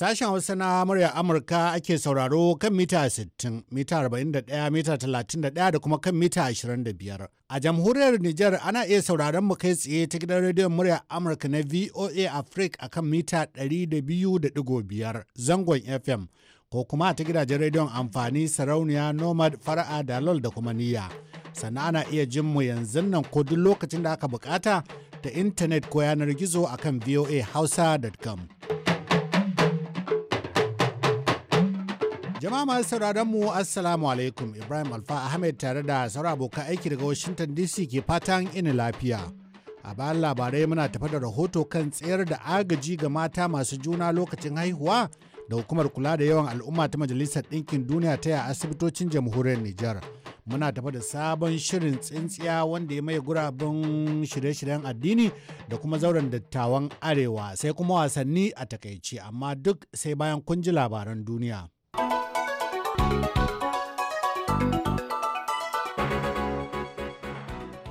Sashen Hausa na murya Amurka ake sauraro kan mita 60, mita 41, mita 31 da kuma kan mita 25. A jamhuriyar Nijar ana iya sauraron mu kai tsaye ta gidan rediyon murya Amurka na VOA Africa kan mita 200.5 zangon FM ko kuma ta gidajen rediyon amfani sarauniya Nomad Fara'a da Lol da kuma Niyya. Sannan ana iya jin mu yanzu nan ko duk lokacin da aka bukata ta intanet ko yanar gizo akan voahausa.com. Jama'a masu sauraron mu Assalamu alaikum Ibrahim Alfa Ahmed tare da sauran abokan aiki daga Washington DC ke fatan ina lafiya. A bayan labarai muna tafa da rahoto kan tsayar da agaji ga mata masu juna lokacin haihuwa da hukumar kula da yawan al'umma ta Majalisar Ɗinkin Duniya ta ya asibitocin jamhuriyar Nijar. Muna tafa da sabon shirin tsintsiya wanda ya maye gurabin shirye-shiryen addini da kuma zauren dattawan arewa sai kuma wasanni a takaici amma duk sai bayan kun ji labaran duniya.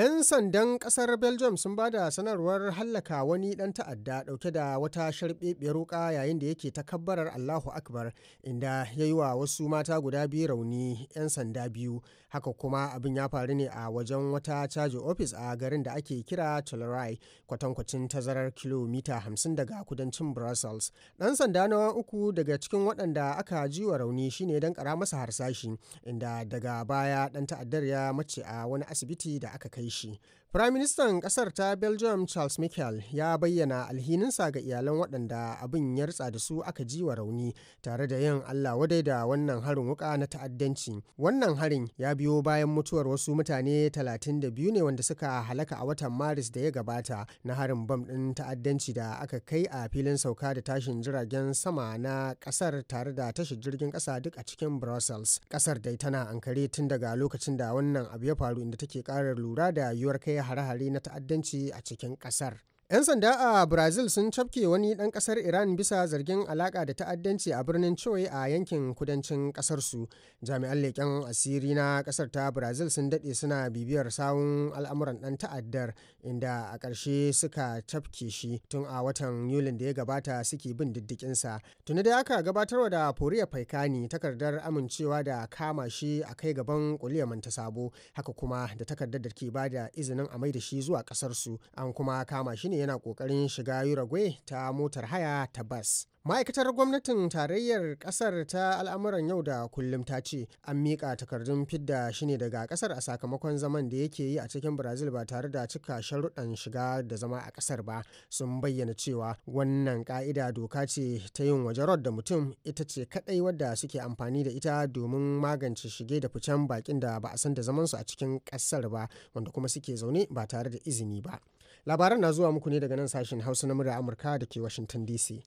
'Yan sandan ƙasar Belgium sun ba da sanarwar hallaka wani ɗan ta'adda ɗauke da wata sharɓeɓiyar wuƙa yayin da yake ta kabbarar Allahu Akbar inda ya yi wa wasu mata guda biyu rauni 'yan sanda biyu. Haka kuma abin ya faru ne a wajen wata caji ofis a garin da ake kira Tolerai kwatankwacin tazarar kilomita 50 daga kudancin Brussels. Ɗan sanda na uku daga cikin waɗanda aka ji wa rauni shine dan kara masa harsashi inda daga baya ɗan ta'addar ya mace a wani asibiti da aka kai 师，Firaministan ƙasar ta Belgium Charles Michel ya bayyana alhininsa ga iyalan waɗanda abin ya rutsa da su aka ji wa rauni tare da yin Allah wadai da wannan harin wuka na ta'addanci. Wannan harin ya biyo bayan mutuwar wasu mutane 32 ne wanda suka halaka a watan Maris da ya gabata na harin bam ɗin ta'addanci da aka kai a filin sauka da tashin jiragen sama na ƙasar tare da tashi jirgin ƙasa duk a cikin Brussels. Ƙasar dai tana ankare tun daga lokacin da wannan abu ya faru inda take ƙarar lura da yiwuwar kai hare-hare na ta'addanci a cikin ƙasar. 'Yan sanda a Brazil sun cafke wani ɗan ƙasar Iran bisa zargin alaka da ta'addanci a birnin Choi a yankin kudancin ƙasarsu. Jami'an leƙen asiri na ƙasar ta Brazil sun daɗe suna bibiyar sawun al'amuran ɗan ta'addar inda a ƙarshe suka cafke shi tun a watan Yulin da ya gabata suke bin diddikinsa. Tuni da aka gabatarwa da Foriya Faikani takardar amincewa da kama shi a kai gaban kuliyar ta sabo haka kuma da takardar da ke bada izinin a mai da shi zuwa ƙasarsu an kuma kama shi ne yana ƙoƙarin shiga Uruguay ta motar haya ta bas. ma'aikatar gwamnatin tarayyar kasar ta al'amuran yau da kullum ta ce an miƙa takardun fidda shi ne daga kasar a sakamakon zaman da yake yi a cikin brazil ba tare da cika sharuɗan shiga da zama a kasar ba sun bayyana cewa wannan ka'ida doka ce ta yin waje da mutum ita ce kaɗai wadda suke amfani da ita domin magance shige da ficen bakin da ba a san da zamansu a cikin kasar ba wanda kuma suke zaune ba tare da izini ba labaran na zuwa muku ne daga nan sashen hausa na murya amurka da ke washington dc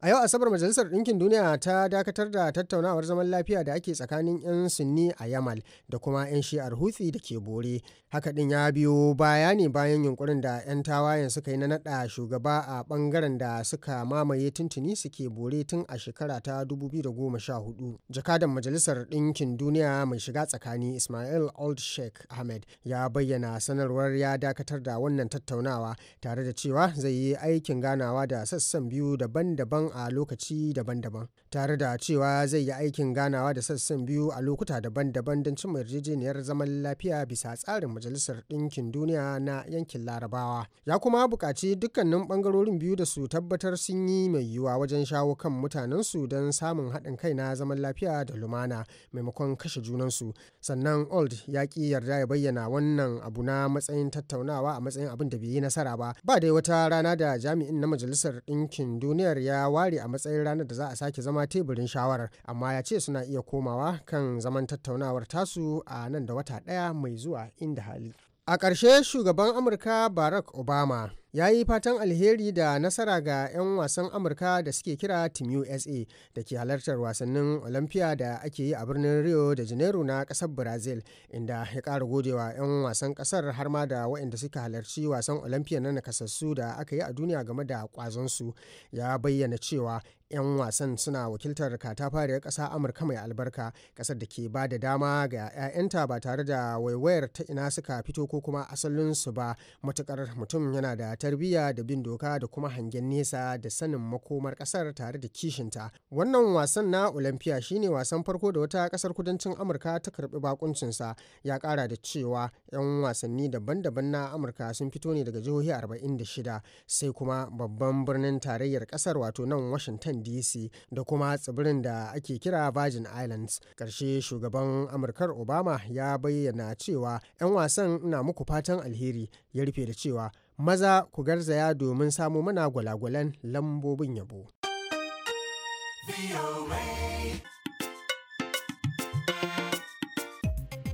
a yau asabar majalisar ɗinkin duniya ta dakatar da tattaunawar zaman lafiya da ake tsakanin 'yan sunni a yamal da kuma 'yan shi'ar hutsi da ke bore haka din ya biyo baya ne bayan yunkurin da 'yan tawayen suka yi na naɗa shugaba a ɓangaren da suka mamaye tuntuni suke bore tun a shekara ta 2014 jakadan majalisar ɗinkin duniya mai shiga tsakani ismail old sheikh ahmed ya bayyana sanarwar ya dakatar da wannan tattaunawa tare da cewa zai yi aikin ganawa da sassan biyu daban-daban daban a lokaci daban-daban tare da cewa zai yi aikin ganawa da sassan biyu a lokuta daban-daban don cimma yarjejeniyar zaman lafiya bisa tsarin majalisar ɗinkin duniya na yankin larabawa ya kuma buƙaci dukkanin ɓangarorin biyu da su tabbatar sun yi mai yiwuwa wajen shawo kan mutanensu don samun haɗin kai na zaman lafiya da lumana maimakon kashe junansu sannan old ya ƙi yarda ya bayyana wannan abu na matsayin tattaunawa a matsayin abin da bai yi nasara ba ba dai wata rana da jami'in na majalisar ɗinkin duniyar ya ware a matsayin ranar da za a sake zama teburin shawarar amma ya ce suna iya komawa kan zaman tattaunawar tasu a nan da wata ɗaya mai zuwa inda hali a ƙarshe shugaban amurka barack obama ya yi fatan alheri da nasara ga 'yan wasan amurka da suke kira team usa da ke halartar wasannin olympia da ake yi a birnin rio de janairu na kasar brazil inda ya kara godewa 'yan wasan kasar har ma da waɗanda suka halarci wasan olympia na nakasassu da aka yi a duniya game da su ya bayyana cewa 'yan wasan suna wakiltar katafariyar ƙasa amurka mai albarka ƙasar da ke ba da dama ga 'ya'yanta ba tare da waiwayar ta ina suka fito ko kuma asalinsu ba matukar mutum yana da tarbiyya da bin doka da kuma hangen nesa da sanin makomar kasar tare da kishinta wannan wasan na olympia shine wasan farko da wata kasar kudancin amurka ta karbi bakuncinsa ya kara da cewa 'yan wasanni daban-daban na amurka sun fito ne daga jihohi 46 sai kuma babban birnin tarayyar kasar wato nan washington dc da kuma tsibirin da ake kira virgin islands Karshe shugaban amurkar obama ya bayyana cewa 'yan wasan na muku fatan alheri ya rufe da cewa maza ku garzaya domin samu mana gwalagwalan lambobin yabo.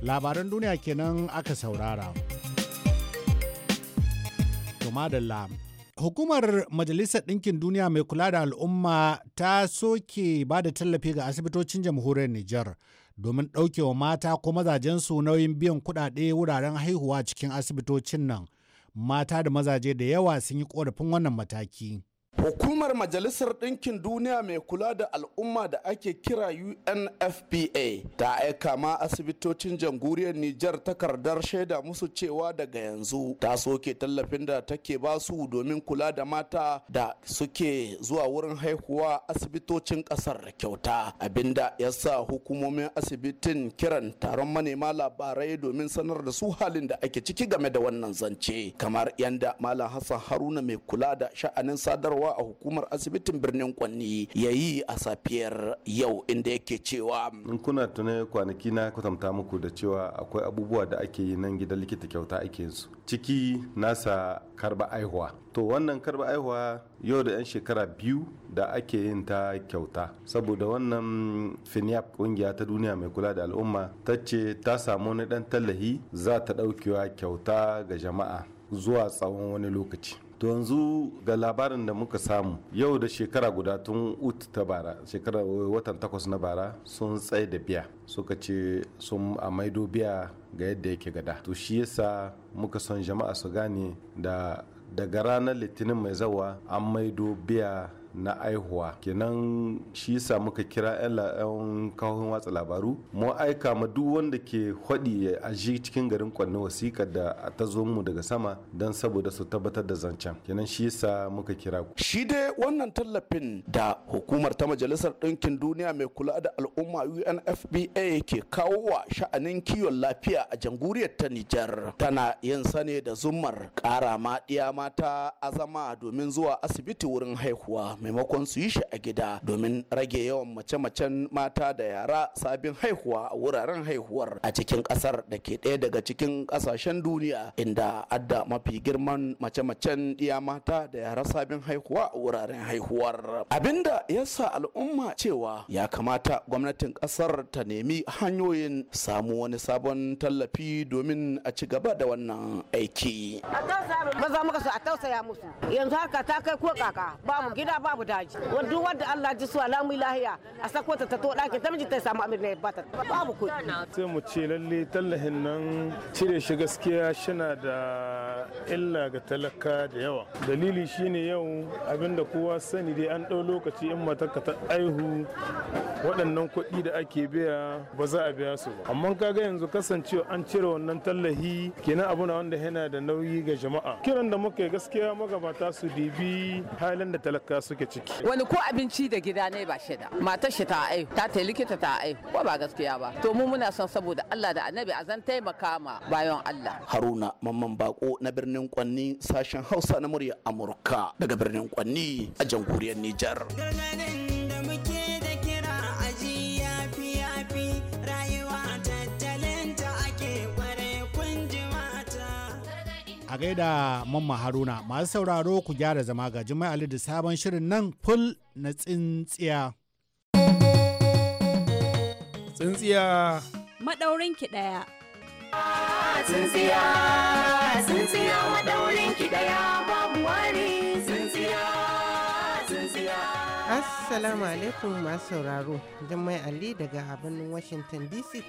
Labaran duniya kenan aka saurara. Tumadalla. Hukumar Majalisar Ɗinkin Duniya mai kula da al'umma ta soke ba da tallafi ga asibitocin jamhuriyar Nijar. domin ɗaukewa mata ko mazajensu nauyin biyan kuɗaɗe wuraren haihuwa cikin asibitocin nan mata da mazaje da yawa sun yi korafin wannan mataki. Hukumar Majalisar Ɗinkin Duniya mai kula da al'umma da ake kira UNFPA ta aika ma asibitocin jamhuriyar Nijar takardar shaida musu cewa daga yanzu ta soke tallafin da take ba su domin kula da mata da suke zuwa wurin haihuwa asibitocin ƙasar kyauta abinda ya sa hukumomin asibitin kiran taron manema labarai domin sanar da su halin da ake ciki game da wannan zance kamar yanda Malam Hassan Haruna mai kula da sha'anin sadarwa a hukumar asibitin birnin Kwanni ya yi a safiyar yau inda yake cewa. In kuna tunai kwanaki na kwatanta muku da cewa akwai abubuwa da ake yi nan gidan likita kyauta ake su. Ciki nasa karba aihuwa. To wannan karba aihuwa yau da 'yan shekara biyu da ake yin ta kyauta saboda wannan finiap kungiya ta duniya mai kula da al'umma ta ce ta samu wani dan tallahi za ta ɗaukewa kyauta ga jama'a zuwa tsawon wani lokaci to yanzu ga labarin da muka samu yau da shekara guda tun ut ta bara shekara watan takwas na bara sun tsaye da biya suka ce sun a maido biya ga yadda yake gada to shi yasa muka son jama'a su gane da daga ranar litinin mai zawa an maido biya na aihuwa kenan shi sa muka kira yan kahohin watsa labaru mu aika ma duk wanda ke hwadi ya aji cikin garin kwanne wasiƙar da ta zo mu daga sama don saboda su tabbatar da zancen kenan shi sa muka kira ku shi dai wannan tallafin da hukumar ta majalisar ɗinkin duniya mai kula da al'umma UNFPA ke kawo wa sha'anin kiwon lafiya a jamhuriyar ta Nijar tana yin sane da zumar ƙara ma mata azama domin zuwa asibiti wurin haihuwa maimakon su yi shi a gida domin rage yawan mace-macen mata da yara sabin haihuwa a wuraren haihuwar a cikin kasar da ke ɗaya daga cikin ƙasashen duniya inda adda mafi girman mace-macen iya mata da yara sabin haihuwa a wuraren haihuwar abinda ya sa al'umma cewa ya kamata gwamnatin ƙasar ta nemi hanyoyin samu wani sabon tallafi domin a ci gaba da wannan aiki. a tausaya musu yanzu haka ta kai ko kaka ba mu gida ba babu daji wanda wadda Allah ji su alamu lahiya a sako ta to daki ta miji ta samu amir ne ba ta babu kuɗi sai mu ce lalle tallahin nan cire shi gaskiya shina da illa ga talaka da yawa dalili shine yau abinda kowa sani dai an ɗau lokaci in matarka ta aihu waɗannan kuɗi da ake biya ba za a biya su ba amma kaga yanzu kasancewa an cire wannan tallahi kenan abu na wanda yana da nauyi ga jama'a kiran da muka gaskiya magabata su dibi halin da talaka suke ciki wani ko abinci da gida ne ba sheda? matar shi ta aihu ta ta likita ta aihu ko ba gaskiya ba to mu muna son saboda Allah da Annabi a zan taimaka ma bayan Allah Haruna mamman bako na na birnin Kwanni sashen Hausa na murya Amurka daga birnin Kwanni a jamhuriyar Nijar. a gaida mamma haruna masu sauraro ku gyara zama ga jima'ali da sabon shirin nan ful na tsintsiya tsintsiya Madaurin ki ɗaya tsintsiya tsintsiya daya babu wani tsintsiya assalamu alaikum masu sauraro jummai ali daga birnin washington dc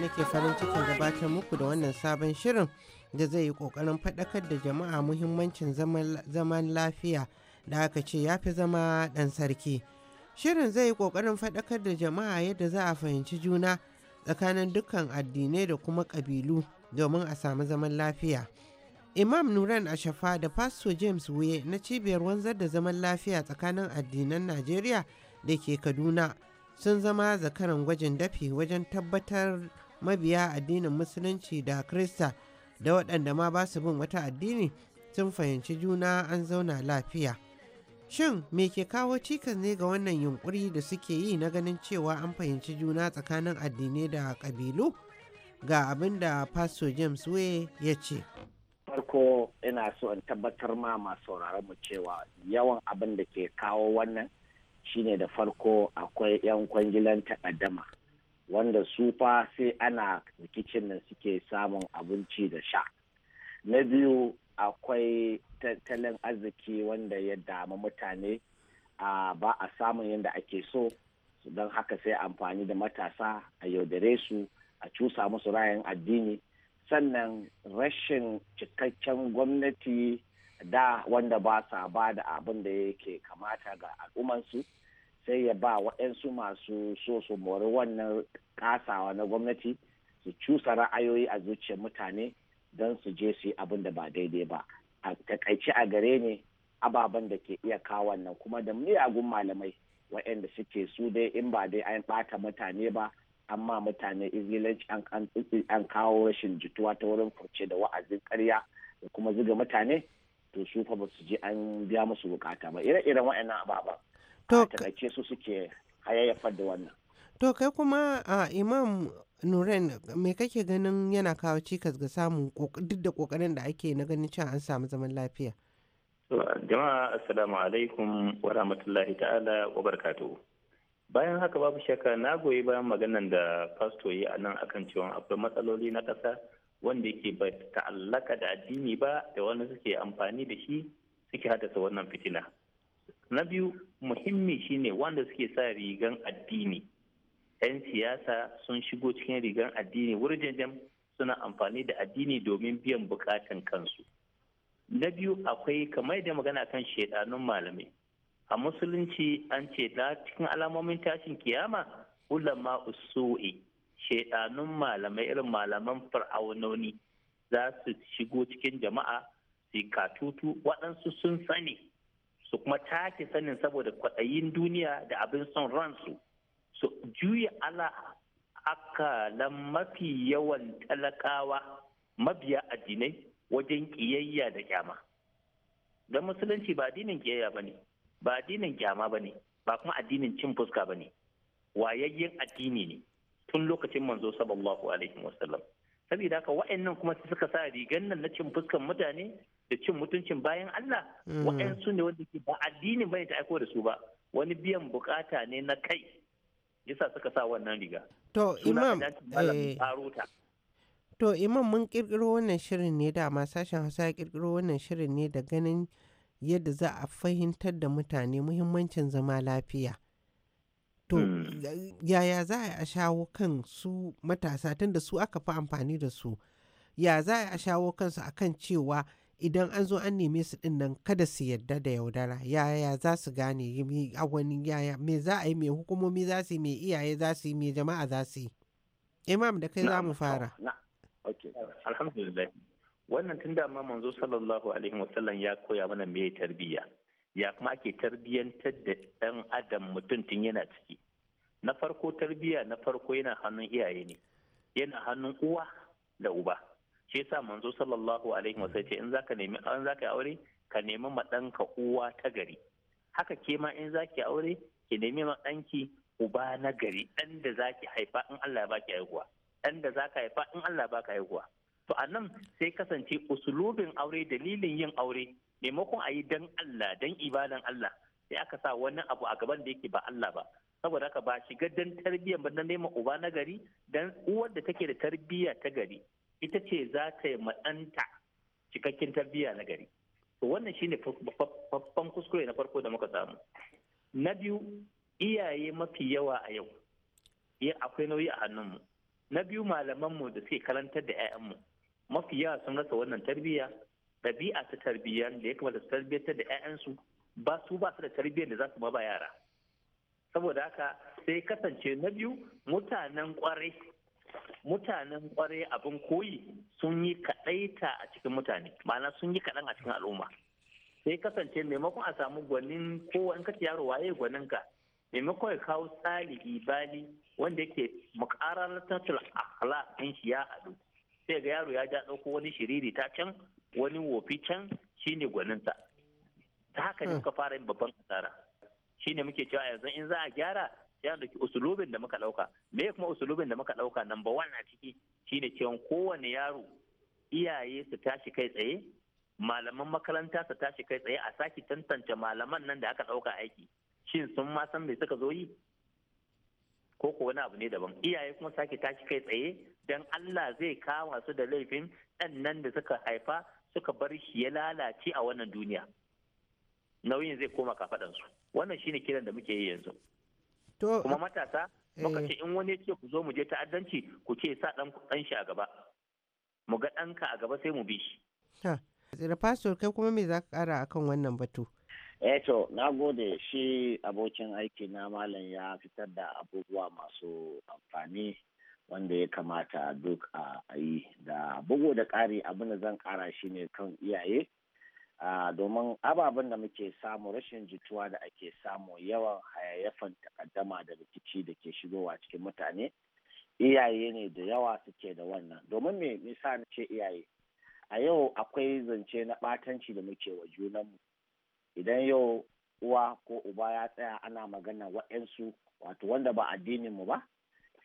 nake farin cikin gabatar muku da wannan sabon shirin da zai yi kokarin faɗakar da jama'a muhimmancin zaman lafiya da aka ce ya fi zama ɗan sarki shirin zai yi kokarin faɗakar da jama'a yadda za a fahimci juna tsakanin dukkan addinai da kuma ƙabilu domin a samu zaman lafiya. Imam Nuran Ashafa da Pastor James Wuye na cibiyar wanzar da zaman lafiya tsakanin addinan Najeriya da ke Kaduna sun zama zakaran gwajin dafi wajen tabbatar mabiya addinin Musulunci da Krista da waɗanda ma ba su bin wata addini sun fahimci juna an zauna lafiya. Shin me ke kawo cikas ne ga wannan yunkuri da suke yi na ganin cewa an fahimci juna tsakanin addinai da ƙabilu? Ga abin da Pastor James Way ya ce. Farko ina so in tabbatar ma masu mu cewa yawan abin da ke kawo wannan shine da farko akwai 'yan kwangilan takaddama wanda su fa sai ana rikicin nan suke samun abinci da sha. Na biyu akwai tattalin arziki wanda ya dama mutane ba a samun yadda ake so don haka sai amfani da matasa a yaudare su a cusa musu rayan addini sannan rashin cikakken gwamnati da wanda ba sa ba da abin da yake kamata ga al'ummansu sai ya ba waɗansu masu so su mori wannan kasawa na gwamnati su cusa ra'ayoyi a zuciyar mutane don su je su yi abin da ba daidai ba a takaici a gare ne ababen da ke iya kawo wannan kuma da miyagun malamai waɗanda suke su dai in ba dai an ɓata mutane ba amma mutane izilanci an kawo rashin jituwa ta wurin furce da wa'azin karya da kuma zuga mutane to su fa ba su je an biya musu bukata ba ire-iren waɗannan ababen a takaice su suke hayayyafar da wannan To kai kuma a Imam Nuren me kake ganin yana kawo cikas ga samun duk da kokarin da ake na ganin cewa an samu zaman lafiya? Jama'a assalamu alaikum wa rahmatullahi ta'ala wa Bayan haka babu shakka na goyi bayan maganan da pasto yi a nan akan cewa akwai matsaloli na ƙasa wanda yake ba ta'allaka da addini ba da wani suke amfani da shi suke haddasa wannan fitina. Na biyu muhimmi shine wanda suke sa rigan addini. 'yan siyasa sun shigo cikin rigar addini wurjejen suna amfani da addini domin biyan bukatan kansu na biyu akwai kamar da magana kan shaidanun malamai a musulunci an ce da cikin alamomin tashin kiyama ulama usu'i shaidanun malamai irin malaman fir'aunoni za su shigo cikin jama'a su katutu waɗansu sun sani su kuma take sanin saboda kwaɗayin duniya da abin son ransu su juya ala akalan mafi yawan talakawa mabiya addinai wajen ƙiyayya da kyama don musulunci ba addinin ƙiyayya ba ne ba addinin kyama ba ne ba kuma addinin cin fuska ba ne wayayyen addini ne tun lokacin manzo sallallahu alaihi wasallam saboda haka wa'annan kuma su suka sa rigan nan na cin fuskan mutane da cin mutuncin bayan Allah hmm. wa'ansu ne wanda ke ba addinin bane ta aiko da su ba wani biyan bukata ne na kai yasa suka sa wannan riga to imam eh, to imam mun kirkiro wannan shirin ne dama sashen hausa ya kirkiro wannan shirin ne da ganin yadda za a fahimtar da mutane muhimmancin zama lafiya to hmm. yaya za a shawo kan su matasa tun su aka fi amfani da su ya za a shawo kansu akan cewa idan an zo an neme su din nan kada su yadda da yaudara yaya za su gane wani yaya me za a yi me hukumomi za su yi me iyaye za su yi me jama'a za su yi imam eh, da kai za mu fara wannan tun da zo, sallallahu alaihi wasallam ya koya mana me tarbiyya ya kuma ake tarbiyyantar da dan adam mutum tun yana ciki na farko tarbiyya na farko yana hannun iyaye ne yana hannun uwa da uba shi yasa manzo sallallahu alaihi wa ce in zaka nemi an zaka aure ka nemi madanka uwa ta gari haka ke ma in zaki aure ki nemi madanki uba na gari dan da zaki haifa in Allah ya baki haihuwa dan da zaka haifa in Allah ya baka haihuwa to anan sai kasance usulubin aure dalilin yin aure maimakon a yi dan Allah dan ibadan Allah sai aka sa wani abu a gaban da yake ba Allah ba saboda haka ba shiga dan tarbiyya ba na nema uba na gari dan uwar da take da tarbiyya ta gari ita ce za ta yi maɗanta cikakken tarbiyya na gari to wannan shine babban kuskure na farko da muka samu na biyu iyaye mafi yawa a yau akwai nauyi a hannunmu na biyu malamanmu da suke karantar da 'ya'yanmu mafi yawa sun rasa wannan tarbiyya ɗabi'a ta tarbiyya da ya kamata su tarbiyyar da 'ya'yansu ba su ba su da tarbiyyar da za su ba yara saboda haka sai kasance na biyu mutanen kwarai mutanen kwarai abin koyi sun yi kaɗaita a cikin mutane ma'ana sun yi kaɗan a cikin al'umma sai kasance maimakon a samu gwanin ko in ka yaro waye gwanin ka maimakon ya kawo tsari ibali wanda yake mukarar tattal akhlaq din shi ya adu. sai ga yaro ya ja dauko wani shiriri ta can wani wofi can shine gwaninsa ta haka ne kuka hmm. fara yin babban asara shine muke cewa yanzu in za a gyara ya ɗauki usulubin da muka ɗauka me kuma usulubin da muka ɗauka namba wan a ciki shine cewa kowane yaro iyaye su tashi kai tsaye malaman makaranta su tashi kai tsaye a sake tantance malaman nan da aka ɗauka aiki shin sun ma san me suka zo yi ko ko wani abu ne daban iyaye kuma sake tashi kai tsaye dan Allah zai kama su da laifin ɗan nan da suka haifa suka bar shi ya lalace a wannan duniya nauyin zai koma kafaɗansu wannan shine kiran da muke yi yanzu kuma matasa muka eh. ce in wani ce ku zo mu je ta'addanci ku ce sa dan dan shi a gaba mu ga ɗanka a gaba sai mu bi shi ha pastor kai kuma me za ka kara akan wannan batu eh to na gode shi abokin aiki na malam ya fitar da abubuwa masu amfani wanda ya kamata duk a yi da bugu da ƙari abin da zan ƙara shi ne kan iyaye domin ababen da muke samu rashin jituwa da ake samu yawan hayayyafan takaddama da rikici da ke shigowa cikin mutane iyaye ne da yawa suke da wannan domin me na ce iyaye a yau akwai zance na batanci da muke wa junanmu idan yau uwa ko uba ya tsaya ana magana yansu wato wanda ba addininmu ba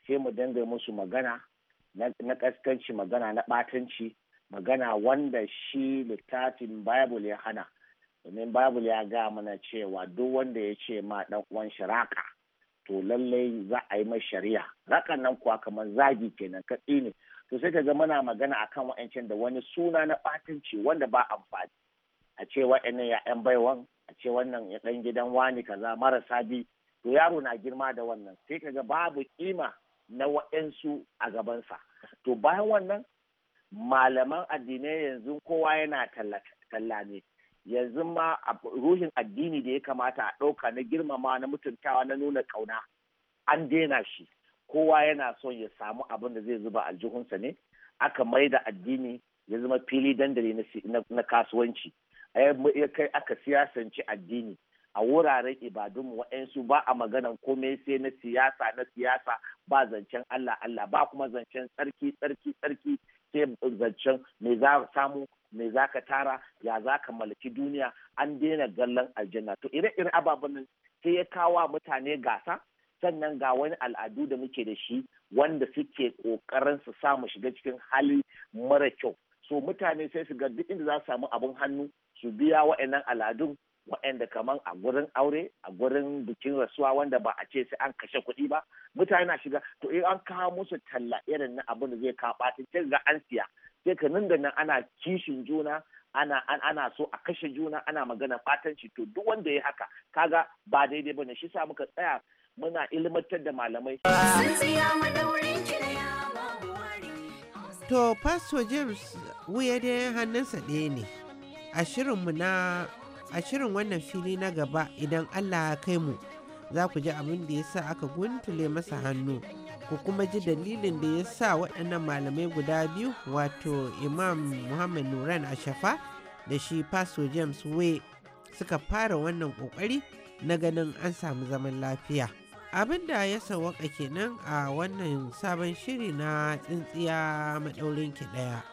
sai mu dinga musu magana na kaskanci magana na batanci. magana wanda shi littafin bible ya hana domin bible ya ga mana cewa duk wanda ya ce ma dan uwan shi raka to lallai za a yi mai shari'a rakan nan kuwa kamar zagi kenan katsi ne to sai ka ga muna magana akan wa'ancan da wani suna na batanci wanda ba amfani a ce wa'annan ya yan baiwan a ce wannan ya dan gidan wani kaza marasa bi to yaro na girma da wannan sai ka ga babu kima na wa'ansu a gabansa to bayan wannan malaman addinai yanzu kowa yana talla ne yanzu ma ruhin addini da ya kamata a ɗauka na girmama na mutuntawa na nuna ƙauna an daina shi kowa yana son ya samu abin da zai zuba aljihunsa ne aka mai da addini ya zama fili dandali na kasuwanci ya kai aka siyasanci addini a wuraren ibadunmu waɗansu ba a maganan komai sai na siyasa na siyasa ba zancen Allah Allah ba kuma zancen tsarki tsarki tsarki sai zancen me za samu me za ka tara ya za ka mallaki duniya an daina gallan aljanna to ire-ire ababen nan sai ya kawo mutane gasa sannan ga wani al'adu da muke da shi wanda suke kokarin su samu shiga cikin hali mara kyau so mutane sai su ga duk inda za su samu abin hannu su biya wa'annan al'adun waɗanda kaman a gurin aure a gurin bikin rasuwa wanda ba a ce sai an kashe kuɗi ba mutane na shiga to in an kawo musu talla irin na abin da zai kawo ɓata sai ga an siya sai ka nan da nan ana kishin juna ana so a kashe juna ana magana ɓatanci to duk wanda ya haka kaga ba daidai ne shi sa muka tsaya muna ilmantar da malamai. To Pastor James wuya dai hannunsa ɗaya ne a shirinmu na a shirin wannan fili na gaba idan allah ya kai mu za ku ji abin da ya sa aka guntule masa hannu ku kuma ji dalilin da ya sa waɗannan malamai guda biyu wato imam muhammad nuran ashafa da shi faso james way suka fara wannan ƙoƙari na ganin an samu zaman lafiya abin da ya sawaka kenan a wannan sabon shiri na tsintsiya maɗaurinki ɗaya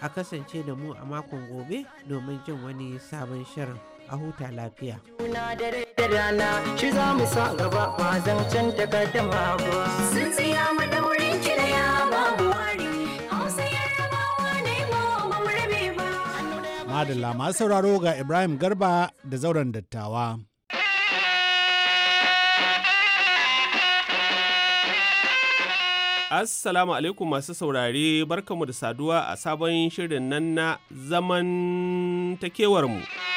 a kasance da mu a makon gobe domin jin wani sabon shirin a huta lafiya. Juna da rai da rana shi za mu sa gaba ba zan can takaddama ba. Sun tsaya mu ba mu babu ba. Madalla masu sauraro ga Ibrahim Garba da zauren dattawa. Assalamu alaikum masu saurare barkamu da saduwa a sabon shirin nan na zaman takewarmu. mu.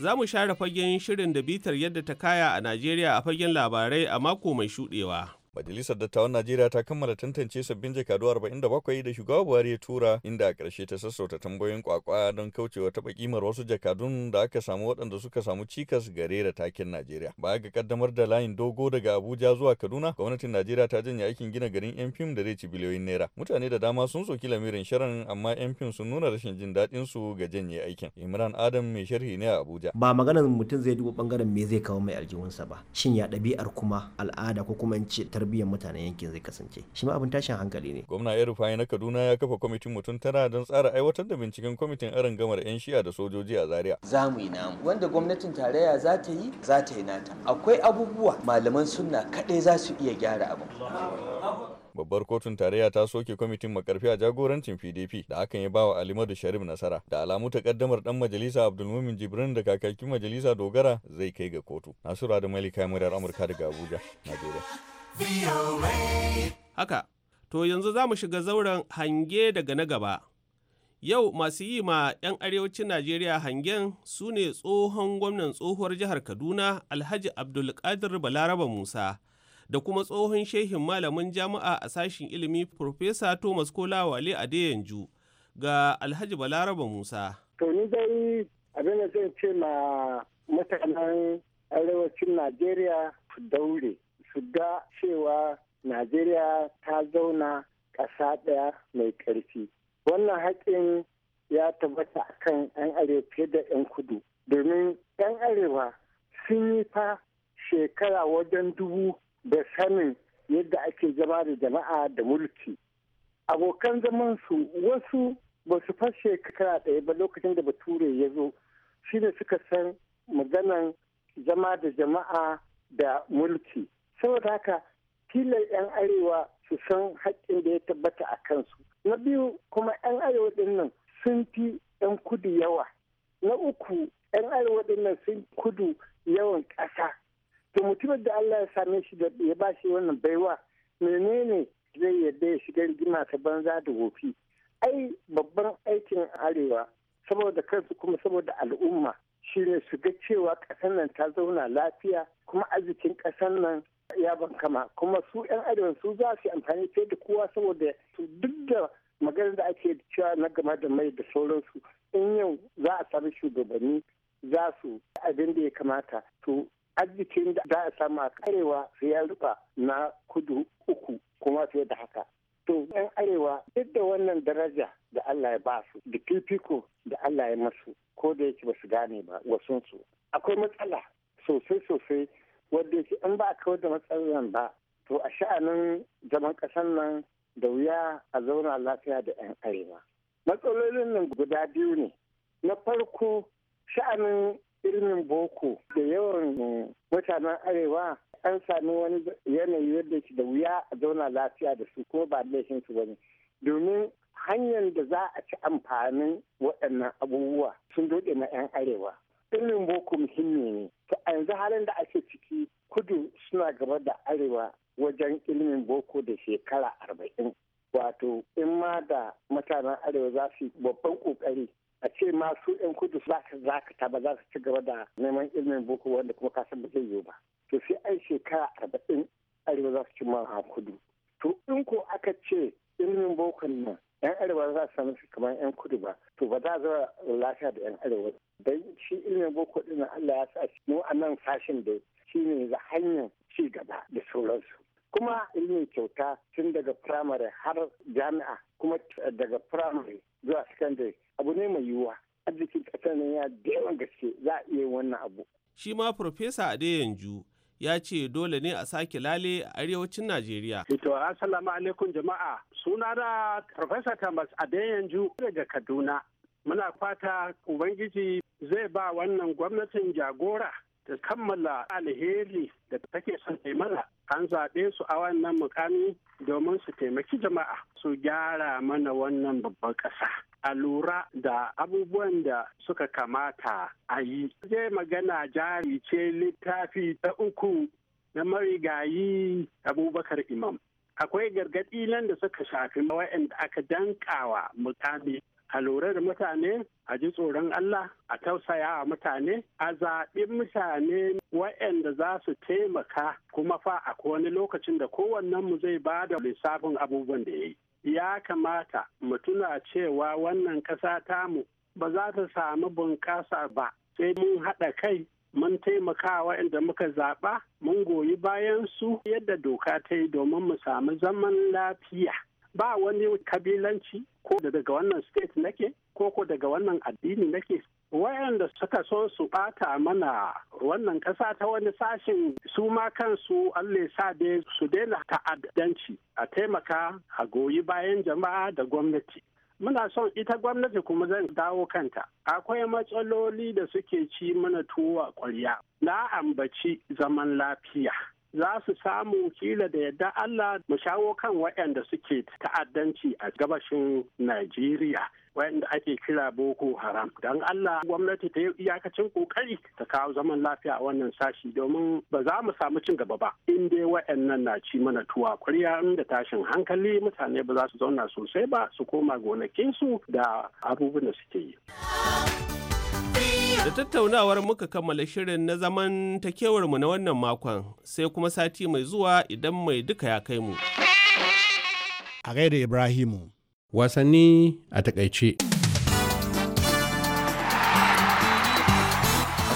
za mu share fagen shirin da bitar yadda ta kaya a Najeriya a fagen labarai a mako mai shuɗewa. Majalisar Dattawan Najeriya ta kammala tantance sabbin jakadu 47 da shugaba Buhari ya tura inda a ƙarshe ta sassauta tambayoyin kwakwa don kaucewa taɓa kimar wasu jakadun da aka samu waɗanda suka samu cikas gare da takin Najeriya. Baya ga kaddamar da layin dogo daga Abuja zuwa Kaduna, gwamnatin Najeriya ta janye aikin gina garin yan fim da zai ci biliyoyin naira. Mutane da dama sun soki lamirin shirin amma yan fim sun nuna rashin jin daɗin su ga janye aikin. Imran Adam mai sharhi ne a Abuja. Ba maganar mutum zai duba bangaren me zai kawo mai aljihunsa ba. Shin ya ɗabi'ar kuma al'ada ko kuma in ce tarbiyyar mutanen yankin zai kasance shi ma abin tashin hankali ne gwamna ya rufayi na kaduna ya kafa kwamitin mutum tara don tsara aiwatar da binciken kwamitin aron gamar yan shiya da sojoji a zaria za mu yi namu wanda gwamnatin tarayya za ta yi za ta yi nata akwai abubuwa malaman sunna kaɗai za su iya gyara abu. babbar kotun tarayya ta soke kwamitin makarfi a jagorancin pdp da hakan ya ba wa alimadu sharif nasara da alamu ta kaddamar dan majalisa abdulmumin jibrin da kakakin majalisa dogara zai kai ga kotu nasura da malika muryar amurka daga abuja najeriya Haka, to yanzu za mu shiga zauren hange daga na gaba. Yau masu yi ma 'yan arewacin Najeriya hangen su ne tsohon gwamnan tsohuwar jihar Kaduna Alhaji Abdulkadir Balaraba Musa da kuma tsohon shehin malamin Jama'a a sashen ilimi Profesa Thomas Kola Wale Adeyanju ga Alhaji Balaraba Musa. To ni dai abin da zai ce ma mutanen arewacin Najeriya daure su ga cewa najeriya ta zauna ƙasa ɗaya mai ƙarfi wannan haƙƙin ya tabbata kan 'yan arewa fiye da 'yan kudu domin 'yan arewa sun yi fa shekara wajen dubu da sanin yadda ake zama da jama'a da mulki abokan zaman su wasu ba su fa shekara ɗaya ba lokacin da bature ya zo shi ne suka san maganan zama da jama'a da mulki saboda haka tilar 'yan arewa su san haƙƙin da ya tabbata a kansu na biyu kuma 'yan arewa sun fi 'yan kudu yawa na uku 'yan arewa ɗin nan sun kudu yawan ƙasa to mutumin da Allah ya same shi da ya ba shi wannan baiwa menene zai yarda ya shiga rigima ta banza da wofi ai babban aikin arewa saboda kansu kuma saboda al'umma shine su ga cewa ƙasar nan ta zauna lafiya kuma arzikin ƙasar nan ya bankama kuma su 'yan arewa su za su amfani fiye da kowa saboda su duk da maganar da ake cewa na gama da mai da sauransu in yau za a sami shugabanni za su abin da ya kamata to arzikin da za a samu a arewa su ya rufa na kudu uku kuma fiye da haka to 'yan arewa duk da wannan daraja da Allah ya ba su da fifiko da Allah ya masu ko da yake ba su gane ba wasunsu akwai matsala sosai sosai wadda yake in ba a kawar da matsalar ba to a sha'anin zaman kasan nan da wuya a zauna lafiya da 'yan arewa matsalolin nan guda biyu ne na farko sha'anin ilimin boko da yawan mutanen arewa an sami wani yanayi yadda ke da wuya a zauna lafiya da su kuma ba laifin su bane domin hanyar da za a ci amfanin waɗannan abubuwa sun dode na 'yan arewa ilimin boko muhimmi ne ta a yanzu halin da ake ciki kudu suna gaba da arewa wajen ilimin boko da shekara arba'in wato in ma da mutanen arewa za su babban kokari a ce ma yan kudu za ka zakata ba za su ci gaba da neman ilimin boko wanda kuma ka san ba zai yiwu ba to sai ai shekara arba'in arewa za su ci ma kudu to in ko aka ce ilimin bokon nan yan arewa za su samu kamar yan kudu ba to ba za a zama lafiya da yan arewa dai shi ilimin boko ɗin Allah ya sa mu a nan sashen da shi ne za hanyar ci gaba da sauransu kuma ilimin kyauta tun daga firamare har jami'a kuma daga firamare zuwa sakandare abu ne mai yiwuwa arzikin ƙasar nan ya da yawan gaske za a iya wannan abu shi ma farfesa yanzu ya ce dole ne a sake lale a arewacin Najeriya. Ito, assalamu alaikum jama'a. Suna da Profesa Thomas Adeyanju daga Kaduna. muna fata ubangiji zai ba wannan gwamnatin jagora ta kammala alheri da take son mana an zaɓe su a wannan mukami domin su taimaki jama'a su gyara mana wannan babban ƙasa a lura da abubuwan da suka kamata a yi zai magana jari ce littafi ta uku na marigayi abubakar imam akwai gargaɗi nan da suka shafi wa'anda aka dankawa mukami a lura da mutane a ji tsoron Allah a tausaya wa mutane a zaɓi mutane waɗanda za su taimaka kuma fa a wani lokacin da mu zai ba da lissafin abubuwan da ya yi ya kamata mu tuna cewa wannan ƙasa mu ba za ta samu bunƙasa ba sai mun haɗa kai mun taimaka waɗanda muka zaɓa mun goyi bayan su yadda doka ta yi domin mu samu zaman lafiya ba wani kabilanci ko daga wannan state nake ko ko daga wannan addini nake wayanda suka so su bata mana wannan kasa ta wani sashin su ma kansu Allah sa dai su daina ta'addanci a taimaka a goyi bayan jama'a da gwamnati muna son ita gwamnati kuma zan dawo kanta akwai matsaloli da suke ci mana tuwa ƙwarya. na ambaci zaman lafiya za su samu kila da yadda Allah mu shawo kan waɗanda suke ta'addanci a gabashin Najeriya. wayanda ake kira boko haram don allah gwamnati ta yi iyakacin kokari ta kawo zaman lafiya a wannan sashi domin ba za mu samu cin gaba ba in dai wayannan na ci mana tuwa kwarya da tashin hankali mutane ba za su zauna sosai ba su koma gonakinsu da abubuwan da suke yi. Da tattaunawar muka kammala shirin na zaman mu na wannan makon sai kuma sati mai zuwa idan mai duka ya kai mu. A gaida Ibrahimu. Wasanni a takaice.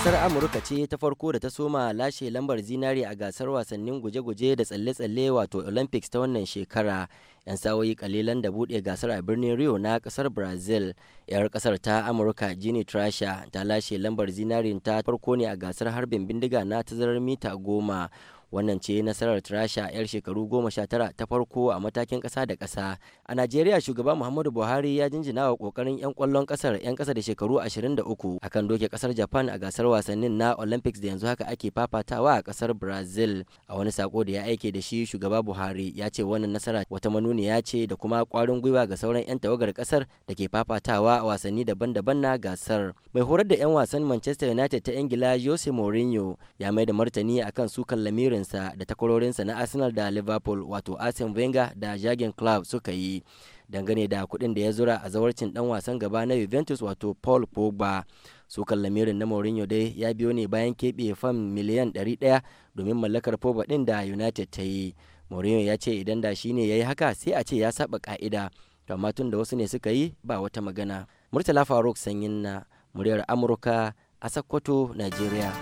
Kasar Amurka ce ta farko da ta soma lashe lambar zinari a gasar wasannin guje-guje da tsalle-tsalle wato Olympics ta wannan shekara. 'Yan sawoyi kalilan da buɗe gasar a birnin Rio na kasar Brazil. 'Yar kasar ta Amurka Jini Trasha ta lashe lambar zinarin ta farko ne a gasar harbin bindiga na tazarar mita goma wannan ce nasarar Rasha 'yar shekaru goma sha tara ta farko a matakin kasa da kasa a najeriya shugaba muhammadu buhari ya jinjina wa kokarin 'yan kwallon ƙasar 'yan kasa da shekaru 23 akan doke kasar japan a gasar wasannin na olympics da yanzu haka ake fafatawa a kasar brazil a wani sako da ya aike da shi shugaba buhari ya ce wannan nasara wata manuniya ce da kuma kwarin gwiwa ga sauran 'yan tawagar ƙasar da ke fafatawa a wasanni daban-daban na gasar mai horar da 'yan wasan manchester united ta ingila jose mourinho ya mai da martani akan sukan lamirin sa da takwarorinsa na arsenal da liverpool wato arsene wenger da jagen club suka yi dangane da kuɗin da ya zura a zawarcin dan wasan gaba na juventus wato paul pogba su lamirin na mourinho dai ya biyo ne bayan keɓe fam miliyan 100 domin mallakar pogba ɗin da united ta yi mourinho ya ce idan da shi ne ya yi haka sai a ce ya saba ka'ida amma tun da wasu ne suka yi ba wata magana murtala faruk sanyin na muryar amurka a sakkwato nigeria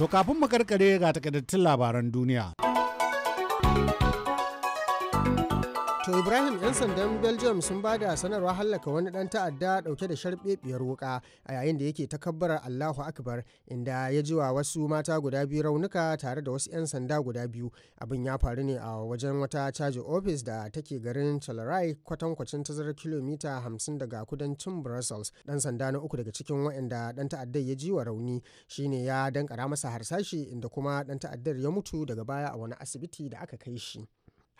To kafin mu karkare ga takaddatun labaran duniya. Wato Ibrahim 'yan sandan Belgium sun ba da sanarwa hallaka wani ɗan ta'adda ɗauke da biyar wuƙa a yayin da yake takabbarar Allahu Akbar inda ya jiwa wasu mata guda biyu raunuka tare da wasu 'yan sanda guda biyu. Abin ya faru ne a wajen wata caji ofis da take garin Chalarai kwatankwacin tazarar kilomita 50 daga kudancin Brussels. dan sanda na uku daga cikin waɗanda ɗan ta'addar ya ji wa rauni shine ya dankara masa harsashi inda kuma ɗan ta'addar ya mutu daga baya a wani asibiti da aka kai shi.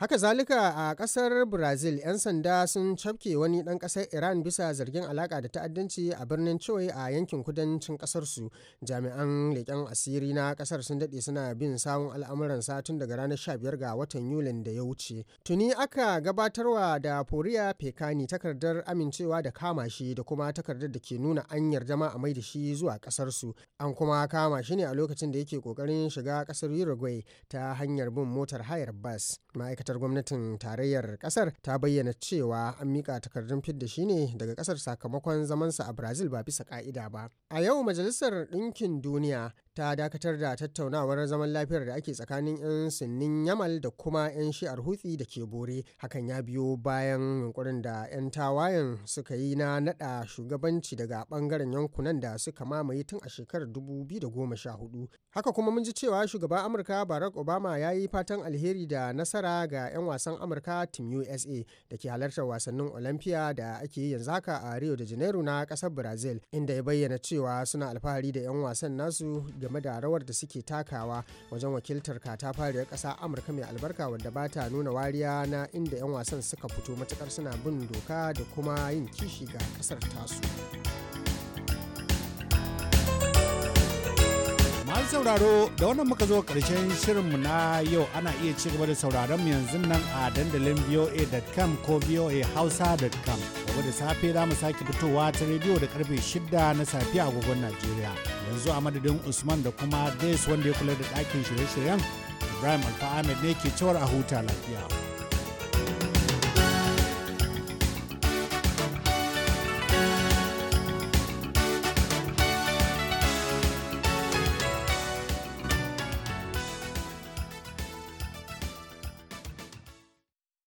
Haka zalika a kasar Brazil 'yan sanda sun cafke wani dan ƙasar Iran bisa zargin alaka da ta'addanci a birnin Choi a yankin kudancin ƙasarsu. Jami'an leƙen asiri na ƙasar sun daɗe suna bin sawun al'amuran tun daga ranar 15 ga watan Yulin da ya wuce. Tuni aka gabatarwa da Foriya Pekani takardar amincewa da kama shi da kuma takardar da ke nuna an yarda ma a mai da shi zuwa ƙasarsu. An kuma kama shi ne a lokacin da yake kokarin shiga kasar Uruguay ta hanyar bin motar hayar bas. ma'aikata ma'aikatar gwamnatin tarayyar kasar ta bayyana cewa an mika takardun fidda shi ne daga kasar sakamakon zamansa a brazil ba bisa ka'ida ba a yau majalisar ɗinkin duniya ta dakatar da tattaunawar zaman lafiyar da ake tsakanin 'yan sinnin yamal da kuma 'yan shi'ar hutsi da ke bore hakan ya biyo bayan yunkurin da 'yan tawayen suka yi na nada shugabanci daga bangaren yankunan da suka mamaye tun a shekarar 2014 haka kuma mun ji cewa shugaban amurka barack obama ya yi fatan alheri da nasara ga 'yan wasan amurka team usa da ke halartar wasannin olympia da ake yanzu haka a rio de janeiro na kasar brazil inda ya bayyana cewa suna alfahari da 'yan wasan nasu game da rawar da suke takawa wajen wakiltar katafariyar ƙasa amurka mai albarka wadda ba ta nuna wariya na inda 'yan wasan suka fito matukar suna bin doka da kuma yin kishi ga ƙasar tasu. Masu sauraro da wannan muka zo ƙarshen shirinmu na yau ana iya ci gaba da sauraron yanzu nan a dandalin voa.com ko voahausa.com gobe da safe za mu sake fitowa ta rediyo da karfe 6 na a agogon Najeriya. Yanzu a madadin Usman da kuma Grace wanda ya kula da ɗakin shirye-shiryen Ibrahim Alfa Ahmed ne ke cewar a huta lafiya.